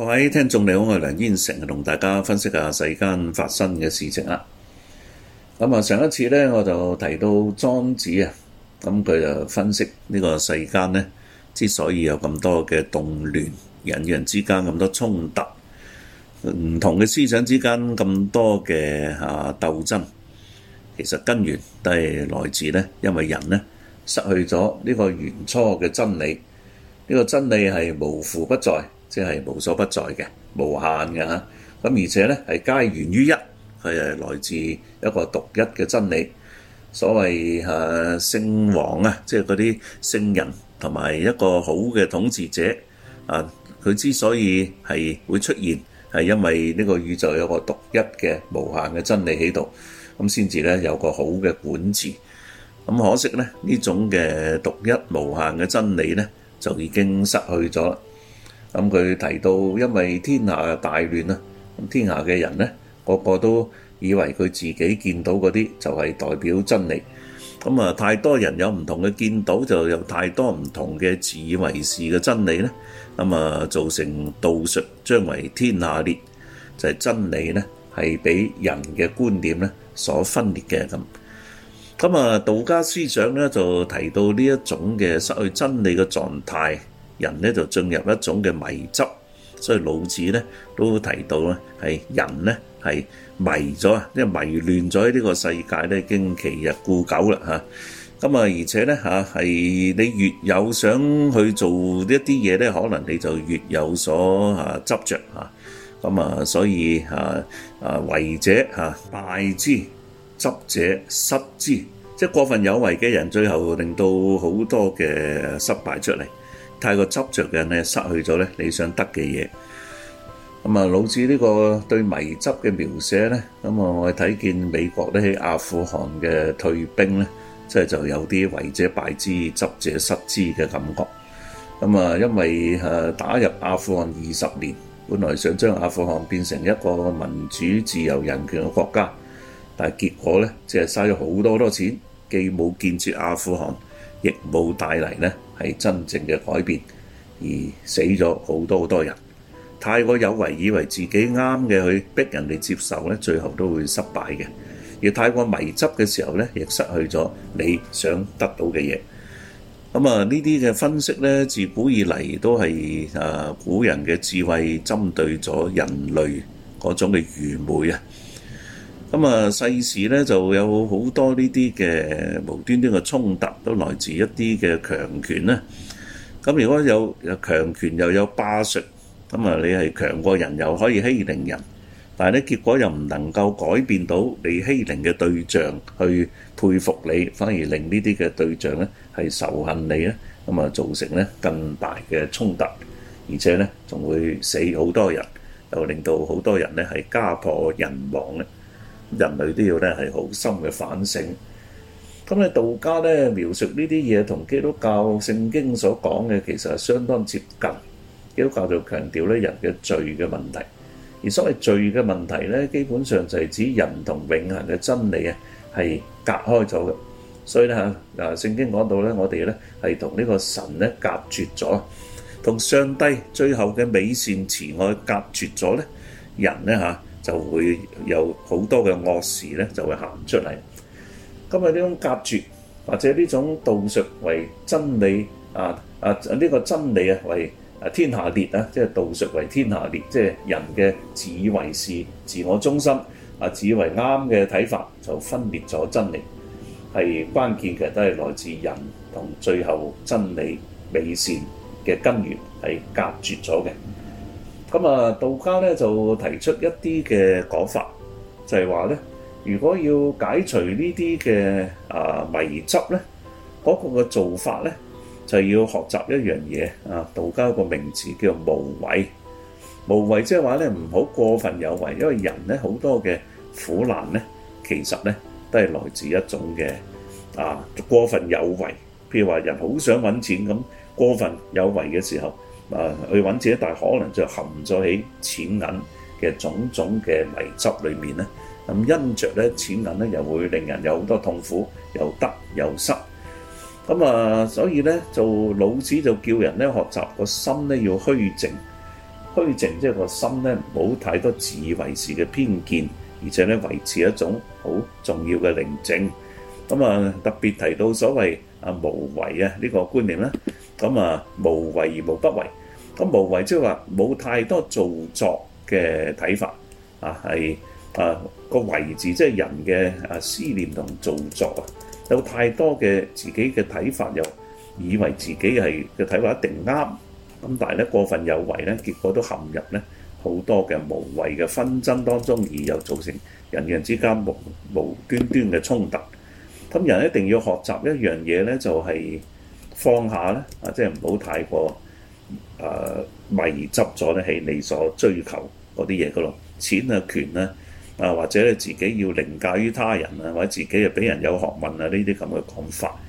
各位聽眾你好，我係梁燕城，同大家分析下世間發生嘅事情啦。咁啊，上一次呢我就提到莊子啊，咁佢就分析呢個世間呢之所以有咁多嘅動亂，人與人之間咁多衝突，唔同嘅思想之間咁多嘅啊鬥爭，其實根源都係來自呢，因為人呢失去咗呢個原初嘅真理，呢個真理係無處不在。即係無所不在嘅，無限嘅嚇。咁而且咧，係皆源於一，佢係來自一個獨一嘅真理。所謂誒聖王啊，即係嗰啲聖人同埋一個好嘅統治者啊，佢之所以係會出現，係因為呢個宇宙有個獨一嘅無限嘅真理喺度，咁先至咧有個好嘅管治。咁可惜咧，呢種嘅獨一無限嘅真理咧，就已經失去咗。咁佢提到，因為天下大亂啊，咁天下嘅人呢個個都以為佢自己見到嗰啲就係代表真理。咁啊，太多人有唔同嘅見到，就有太多唔同嘅自以為是嘅真理呢，咁啊，造成道術將為天下裂，就係真理呢係俾人嘅觀點呢所分裂嘅咁。咁啊，道家思想呢，就提到呢一種嘅失去真理嘅狀態。人咧就進入一種嘅迷執，所以老子咧都提到咧，係人咧係迷咗啊，即係迷亂咗呢個世界咧，經其日固久啦嚇。咁啊，而且咧嚇係你越有想去做一啲嘢咧，可能你就越有所啊執著啊。咁啊，所以啊啊為者嚇敗之執者失之，即係過分有為嘅人，最後令到好多嘅失敗出嚟。太過執著嘅人咧，失去咗咧你想得嘅嘢。咁啊，老子呢個對迷執嘅描寫咧，咁啊，我睇見美國咧喺阿富汗嘅退兵咧，即係就有啲為者敗之，執者失之嘅感覺。咁啊，因為啊打入阿富汗二十年，本來想將阿富汗變成一個民主、自由、人權嘅國家，但係結果咧，即係嘥咗好多多錢，既冇建設阿富汗。亦冇帶嚟呢係真正嘅改變，而死咗好多好多人。太過有為，以為自己啱嘅去逼人哋接受呢，最後都會失敗嘅。而太過迷執嘅時候呢，亦失去咗你想得到嘅嘢。咁、嗯、啊，呢啲嘅分析呢，自古以嚟都係啊，古人嘅智慧針對咗人類嗰種嘅愚昧啊。咁啊，世事咧就有好多呢啲嘅無端端嘅衝突，都來自一啲嘅強權咧。咁如果有有強權又有霸術，咁啊，你係強過人又可以欺凌人，但係咧結果又唔能夠改變到你欺凌嘅對象去佩服你，反而令呢啲嘅對象咧係仇恨你咧，咁啊造成咧更大嘅衝突，而且咧仲會死好多人，又令到好多人咧係家破人亡咧。人類都要咧係好深嘅反省。咁咧道家咧描述呢啲嘢，同基督教聖經所講嘅其實係相當接近。基督教就強調咧人嘅罪嘅問題，而所謂罪嘅問題咧，基本上就係指人同永恆嘅真理啊係隔開咗嘅。所以咧嚇嗱，聖經講到咧，我哋咧係同呢個神咧隔絕咗，同上帝最後嘅美善慈愛隔絕咗咧，人咧嚇。啊就會有好多嘅惡事咧，就會行出嚟。今日呢種隔絕，或者呢種道術為真理啊啊！呢、啊這個真理啊，為天下裂啊，即係道術為天下裂，即係人嘅自以為是、自我中心啊、自以為啱嘅睇法，就分裂咗真理。係關鍵，其實都係來自人同最後真理美善嘅根源係隔絕咗嘅。咁啊，道家咧就提出一啲嘅講法，就係話咧，如果要解除、啊、呢啲嘅啊迷執咧，嗰、嗰個嘅做法咧，就要學習一樣嘢啊。道家個名字叫無為，無為即係話咧，唔好過分有為，因為人咧好多嘅苦難咧，其實咧都係來自一種嘅啊過分有為，譬如話人好想揾錢咁過分有為嘅時候。啊，去揾錢，但係可能就含咗喺錢銀嘅種種嘅泥汁裏面咧。咁因著咧錢銀咧，又會令人有好多痛苦，又得又失。咁啊，所以咧，做老子就叫人咧學習個心咧要虛靜，虛靜即係個心咧唔好太多自以為是嘅偏見，而且咧維持一種好重要嘅寧靜。咁啊，特別提到所謂啊無為啊呢個觀念咧，咁啊無為而無不為。咁無為即係話冇太多做作嘅睇法啊，係啊個為字即係人嘅啊思念同做作啊，有太多嘅自己嘅睇法，又以為自己係嘅睇法一定啱，咁但係咧過分有為咧，結果都陷入咧好多嘅無謂嘅紛爭當中，而又造成人與人之間無無端端嘅衝突。咁、嗯、人一定要學習一樣嘢咧，就係、是、放下咧啊，即係唔好太過。誒、啊、迷執咗咧，係你所追求嗰啲嘢㗎咯。錢啊、權咧、啊，啊或者你自己要凌駕於他人啊，或者自己又俾人有學問啊，呢啲咁嘅講法。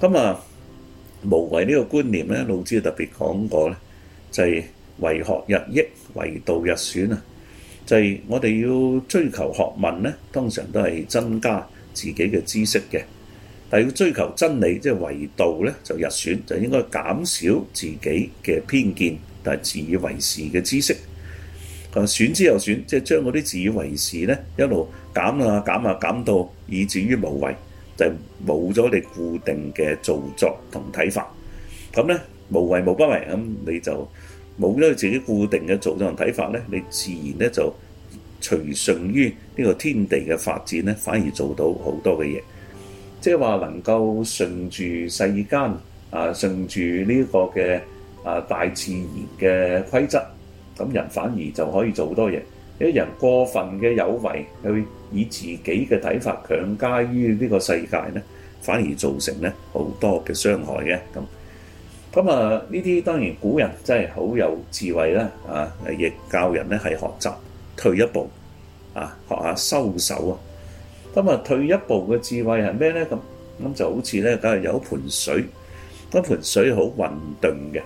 咁、嗯、啊無為呢個觀念咧，老子特別講過咧，就係、是、為學日益，為道日損啊。就係、是、我哋要追求學問咧，通常都係增加自己嘅知識嘅。但要追求真理，即係為道咧，就日損就應該減少自己嘅偏見，但係自以為是嘅知識。咁、啊、損之又損，即係將嗰啲自以為是咧，一路減啊減啊，減，啊減到以至於無為，就係冇咗你固定嘅造作同睇法。咁咧無為無不為，咁你就冇咗你自己固定嘅造作同睇法咧，你自然咧就隨順於呢個天地嘅發展咧，反而做到好多嘅嘢。即係話能夠順住世間啊，順住呢個嘅啊大自然嘅規則，咁人反而就可以做好多嘢。一啲人過分嘅有為，去以自己嘅睇法強加於呢個世界咧，反而造成咧好多嘅傷害嘅。咁咁啊，呢啲當然古人真係好有智慧啦啊！亦教人咧係學習退一步啊，學下收手啊。咁啊，退一步嘅智慧係咩咧？咁咁就好似咧，梗係有一盆水，嗰盆水好混沌嘅。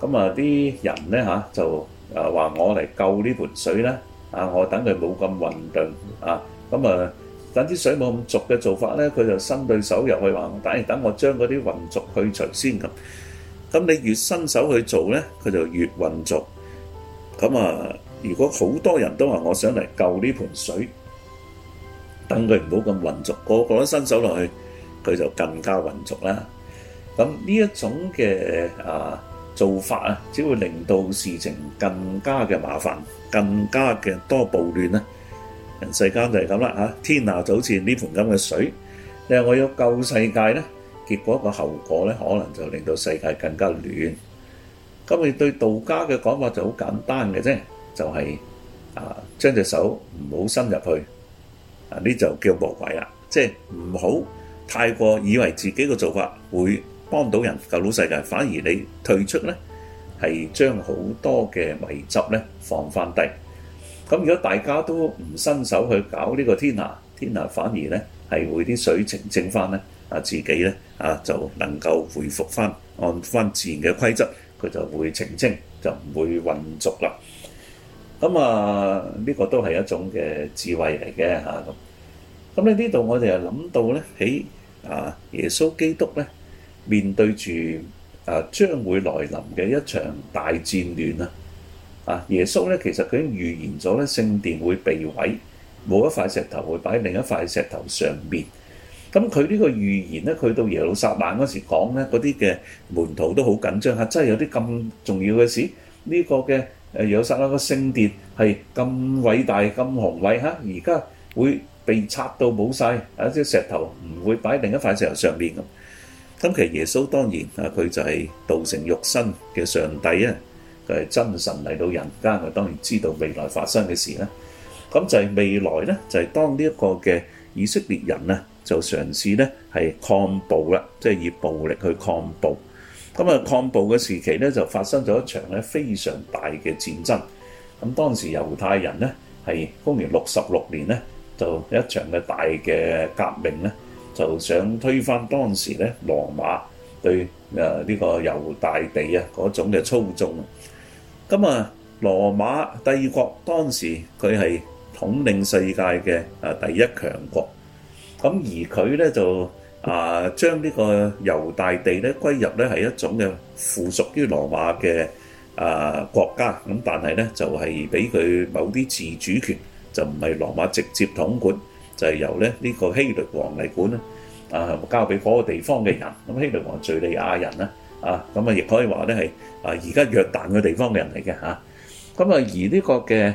咁啊，啲人咧嚇就誒話我嚟救呢盆水啦。啊，我等佢冇咁混沌啊。咁啊，等啲水冇咁濁嘅做法咧，佢就伸對手入去話：等，等我將嗰啲混濁去除先。咁，咁你越伸手去做咧，佢就越混濁。咁啊，如果好多人都話我想嚟救呢盆水。等佢唔好咁混濁，個個都伸手落去，佢就更加混濁啦。咁呢一種嘅啊做法啊，只會令到事情更加嘅麻煩，更加嘅多暴亂啦。人世間就係咁啦嚇，天下就好似呢盆咁嘅水。你話我要救世界咧，結果個後果咧，可能就令到世界更加亂。咁你對道家嘅講法就好簡單嘅啫，就係啊，將隻手唔好伸入去。啊！呢就叫魔鬼啦，即係唔好太過以為自己嘅做法會幫到人救到世界，反而你退出呢，係將好多嘅泥漬呢放翻低。咁如果大家都唔伸手去搞呢個天下，天下反而呢係會啲水澄清翻呢，啊自己呢，啊就能夠恢復翻，按翻自然嘅規則，佢就會澄清就唔會混濁啦。咁啊，呢個都係一種嘅智慧嚟嘅嚇，咁。咁咧，呢度我哋又諗到咧，喺啊耶穌基督咧，面對住啊將會來臨嘅一場大戰亂啊！啊耶穌咧，其實佢預言咗咧，聖殿會被毀，冇一塊石頭會擺喺另一塊石頭上面。咁佢呢個預言咧，佢到耶路撒冷嗰時講咧，嗰啲嘅門徒都好緊張嚇，真係有啲咁重要嘅事呢個嘅。誒有曬一個聖殿係咁偉大咁雄偉嚇，而家會被拆到冇曬啊！即係石頭唔會擺另一塊石頭上面咁。咁其實耶穌當然啊，佢就係道成肉身嘅上帝啊，佢係真神嚟到人間，佢當然知道未來發生嘅事啦。咁就係未來咧，就係當呢一個嘅以色列人咧，就嘗試咧係抗暴啦，即係以暴力去抗暴。咁啊，抗暴嘅時期咧，就發生咗一場咧非常大嘅戰爭。咁當時猶太人咧，係公元六十六年咧，就一場嘅大嘅革命咧，就想推翻當時咧羅馬對誒呢個猶大地啊嗰種嘅操縱。咁啊，羅馬帝國當時佢係統領世界嘅啊第一強國。咁而佢咧就。啊，將呢個猶大地咧歸入咧係一種嘅附屬於羅馬嘅啊國家，咁但係咧就係俾佢某啲自主權，就唔係羅馬直接統管，就係、是、由咧呢、呢個希律王嚟管咧，啊交俾嗰個地方嘅人，咁、啊、希律王敍利亞人咧，啊咁啊亦可以話咧係啊而家約旦嘅地方嘅人嚟嘅嚇，咁啊，啊而呢個嘅。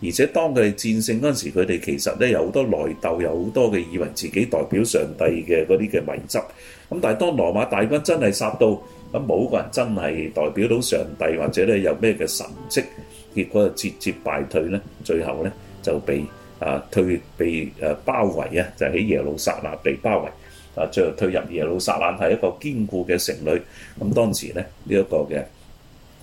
而且當佢哋戰勝嗰陣時，佢哋其實咧有好多內鬥，有好多嘅以為自己代表上帝嘅嗰啲嘅迷執。咁但係當羅馬大軍真係殺到，咁冇個人真係代表到上帝，或者咧有咩嘅神跡，結果就節節敗退咧。最後咧就被啊退被誒包圍啊，就喺耶路撒冷被包圍。啊，最後退入耶路撒冷係一個堅固嘅城壘。咁當時咧呢一個嘅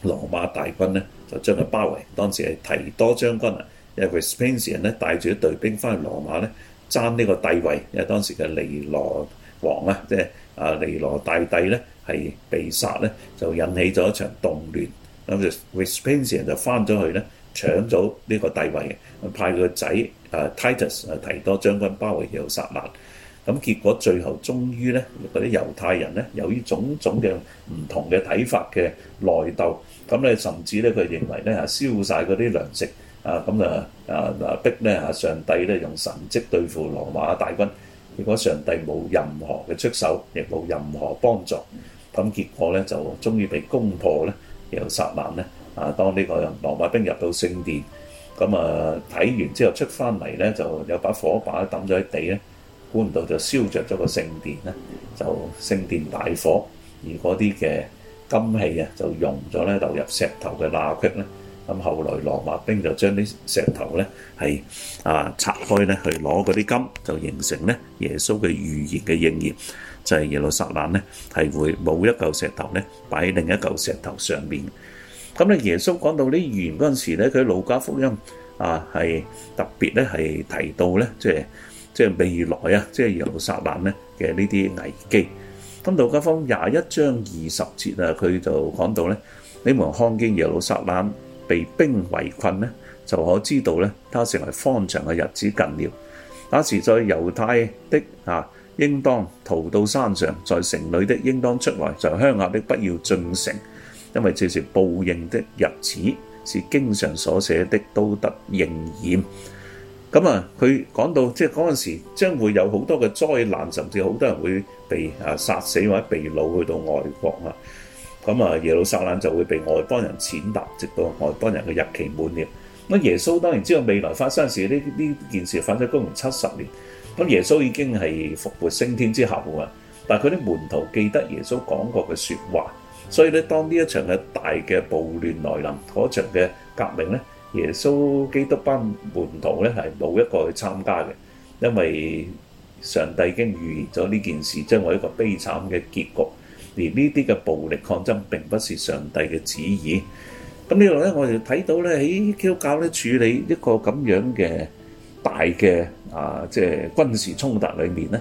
羅馬大軍咧。就將佢包圍，當時係提多將軍啊，因為 Vespasian 咧帶住一隊兵翻去羅馬咧爭呢個帝位，因為當時嘅尼羅王啊，即係啊尼羅大帝咧係被殺咧，就引起咗一場動亂，咁就 Vespasian 就翻咗去咧搶咗呢個帝位，派佢個仔啊 Titus 啊提多將軍包圍又殺難。咁結果最後終於咧，嗰啲猶太人咧，由於種種嘅唔同嘅睇法嘅內鬥，咁咧甚至咧佢認為咧啊，燒晒嗰啲糧食啊，咁啊啊逼咧啊上帝咧用神蹟對付羅馬大軍。結果上帝冇任何嘅出手，亦冇任何幫助。咁結果咧就終於被攻破咧，又殺難咧啊！當呢個羅馬兵入到聖殿，咁啊睇完之後出翻嚟咧，就有把火把抌咗喺地咧。估唔到就燒著咗個聖殿咧，就聖殿大火，而嗰啲嘅金器啊就融咗咧，流入石頭嘅罅隙咧。咁後來羅馬兵就將啲石頭咧係啊拆開咧去攞嗰啲金，就形成咧耶穌嘅預言嘅應驗，就係耶路撒冷咧係會冇一嚿石頭咧擺喺另一嚿石頭上面。咁咧耶穌講到啲預言嗰陣時咧，佢路加福音啊係特別咧係提到咧即係。即係未來啊！即係耶路撒冷咧嘅呢啲危機。今度家方廿一章二十節啊，佢就講到咧：你們看見耶路撒冷被兵圍困咧，就可知道咧，他成為荒場嘅日子近了。那時在猶太的啊，應當逃到山上；在城裏的，應當出來；在鄉下的不要進城，因為這是報應的日子，是經常所寫的都得應驗。咁啊，佢講到即係嗰陣時將會有好多嘅災難，甚至好多人會被啊殺死或者被擄去到外國啊。咁啊，耶路撒冷就會被外邦人踐踏，直到外邦人嘅日期滿了。咁耶穌當然知道未來發生嘅事呢，呢件事發生咗公元七十年。咁耶穌已經係復活升天之後啊，但係佢啲門徒記得耶穌講過嘅説話，所以咧當呢一場嘅大嘅暴亂來臨，嗰場嘅革命咧。耶穌基督班門徒咧係冇一個去參加嘅，因為上帝已經預言咗呢件事，將會一個悲慘嘅結局。而呢啲嘅暴力抗爭並不是上帝嘅旨意。咁呢度咧，我哋睇到咧喺基督教咧處理一個咁樣嘅大嘅啊，即係軍事衝突裏面咧，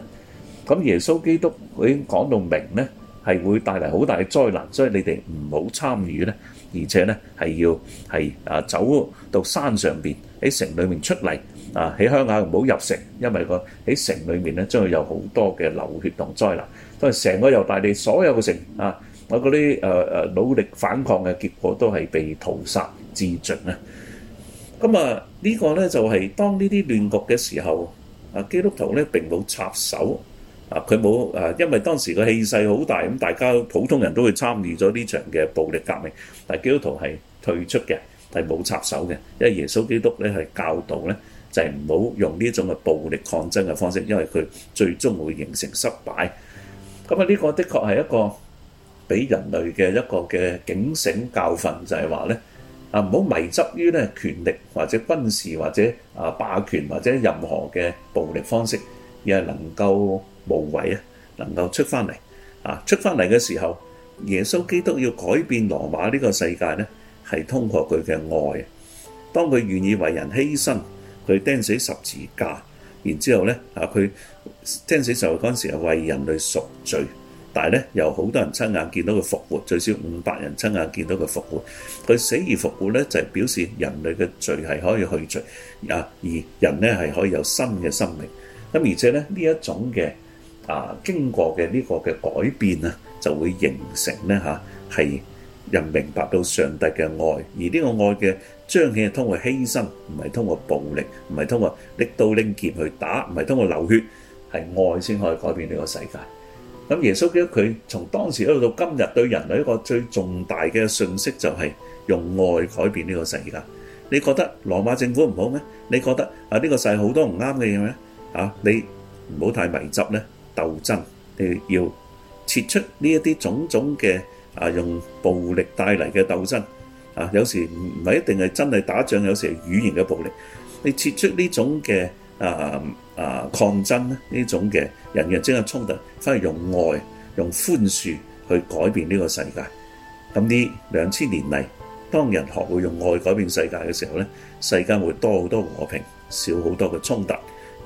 咁耶穌基督佢已經講到明咧，係會帶嚟好大嘅災難，所以你哋唔好參與咧。而且咧係要係啊，走到山上邊，喺城裏面出嚟啊，喺鄉下唔好入城，因為個喺城裏面咧將會有好多嘅流血同災難。因為成個猶大地所有嘅城啊，我嗰啲誒誒努力反抗嘅結果都係被屠殺至盡啊。咁啊呢個咧就係當呢啲亂局嘅時候啊，基督徒咧並冇插手。啊！佢冇誒，因為當時個氣勢好大，咁大家普通人都會參與咗呢場嘅暴力革命。但係，基督徒係退出嘅，但係冇插手嘅，因為耶穌基督咧係教導咧就係唔好用呢種嘅暴力抗爭嘅方式，因為佢最終會形成失敗。咁啊，呢個的確係一個俾人類嘅一個嘅警醒教訓，就係話咧啊，唔好迷執於咧權力或者軍事或者啊霸權或者任何嘅暴力方式，而係能夠。無謂啊，能夠出翻嚟啊！出翻嚟嘅時候，耶穌基督要改變羅馬呢個世界咧，係通過佢嘅愛。當佢願意為人犧牲，佢釘死十字架，然之後咧啊，佢釘死十字架嗰陣時係為人類贖罪。但係咧，有好多人親眼見到佢復活，最少五百人親眼見到佢復活。佢死而復活咧，就係表示人類嘅罪係可以去罪啊，而人咧係可以有新嘅生命。咁而且咧呢一種嘅。啊！經過嘅呢個嘅改變啊，就會形成咧嚇係人明白到上帝嘅愛，而呢個愛嘅彰顯係通過犧牲，唔係通過暴力，唔係通過拎刀拎劍去打，唔係通過流血，係愛先可以改變呢個世界。咁耶穌基督佢從當時一路到今日對人類一個最重大嘅訊息就係用愛改變呢個世界。你覺得羅馬政府唔好咩？你覺得啊呢個世好多唔啱嘅嘢咩？啊你唔好太迷執咧～鬥爭，你要撤出呢一啲種種嘅啊，用暴力帶嚟嘅鬥爭啊，有時唔唔係一定係真係打仗，有時係語言嘅暴力。你撤出呢種嘅啊啊抗爭呢種嘅人與人之間嘅衝突，反而用愛、用寬恕去改變呢個世界。咁呢兩千年嚟，當人學會用愛改變世界嘅時候咧，世間會多好多和平，少好多嘅衝突。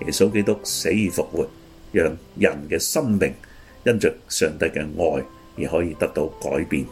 耶穌基督死而復活。讓人嘅生命因着上帝嘅愛而可以得到改變。